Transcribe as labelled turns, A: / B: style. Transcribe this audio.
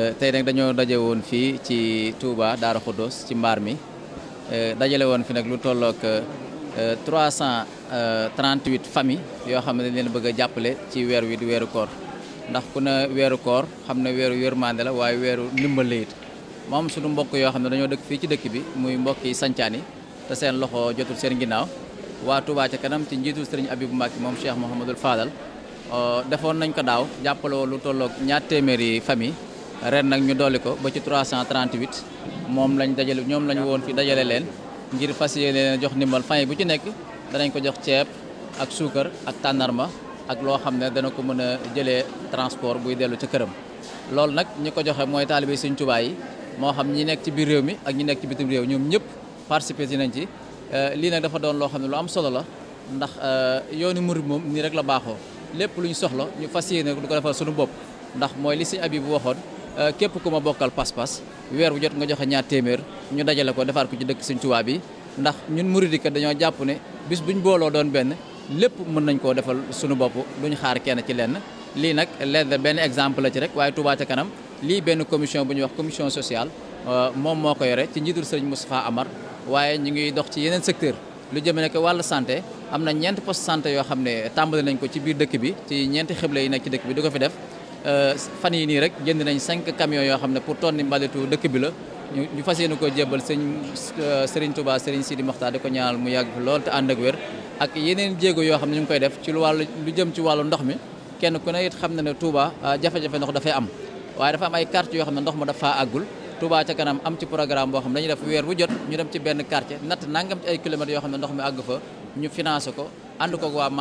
A: Euh, tey nag dañoo daje woon fii ci Touba Darou Khoudoss ci mbaar mi euh, dajale woon fi nag lu tollook 338 euh, famille yoo xam ne dañ leen bëgg a jàppale ci weer wi di weeru koor ndax ku na weeru koor xam ne weeru yërmande la waaye weeru ndimbal la it moom suñu mbokk yoo xam ne dañoo dëkk fii ci dëkk bi muy mbokk yi sancaan yi te seen loxo jotul seen ginnaaw waa Touba ca kanam ci njiitul sëriñ Abibu Mbàkke moom Cheikh Mouhamadul Fadal defoon nañ ko daaw jàppale woon lu tollook ñaar téeméeri famille ren nag ñu dolli ko ba ci 338 moom lañ dajale ñoom lañ woon fi dajale leen ngir fas yéene leen jox ndimbal fay bu ci nekk danañ ko jox ceeb ak suukar ak tànnarma ak loo xam ne dana ko mën a jëlee transport buy dellu ci këram. loolu nag ñi ko joxe mooy taalibe Sëñ Tuubaa yi moo xam ñi nekk ci biir réew mi ak ñi nekk ci bitim réew ñoom ñëpp participer ci nañ ci eh, lii nag dafa doon loo xam ne lu am solo la ndax eh, yoonu murid moom nii rek la baaxoo lépp lu ñu soxla ñu fas yéene du ko defal suñu bopp ndax mooy li Sëñ Abibu waxoon. Euh, képp ku ma bokkal pas-pas weer bu jot nga joxe ñaar téeméer ñu dajale ko defaat ko ci dëkk Sëñ Tuubaa bi ndax ñun muridi kat dañoo jàpp ne bis buñ booloo doon benn lépp mën nañ koo defal suñu bopp duñ xaar kenn ci lenn lii nag lenn benn exemple ci rek waaye Touba ca kanam lii benn commission bu ñuy wax commission sociale euh, moom moo ko yore ci njiitul sëriñ Moustapha Amar waaye ñu ngi dox ci yeneen secteur lu jëme ne que sante am na ñeenti poste santé yoo xam ne tàmbali nañ ko ci biir dëkk bi ci ñeenti xibla yi nekk ci dëkk bi di ko fi def Euh, fan yi nii rek jënd nañ cinq camions yoo xam ne pour tonni mbalitu dëkk bi la ñu fas yéene ko jébbal sëñ euh, Serigne Touba Serigne Sidi Mokhtar di ko ñaanal mu yàgg lool te ànd ak wér ak yeneen jéego yoo xam ne ñu koy def ci lu wàllu lu jëm ci wàllu ndox mi kenn ku ne it xam na ne Touba euh, jafe-jafe ndox dafay am waaye dafa am ay quartiers yoo xam ne ndox ma dafa àggul Touba ca kanam am ci programme boo xam ne dañu def weer wu jot ñu dem ci benn quartier natt nangam ci ay kilomètres yoo xam ne ndox mi àgg fa ñu financé ko ànd ko waa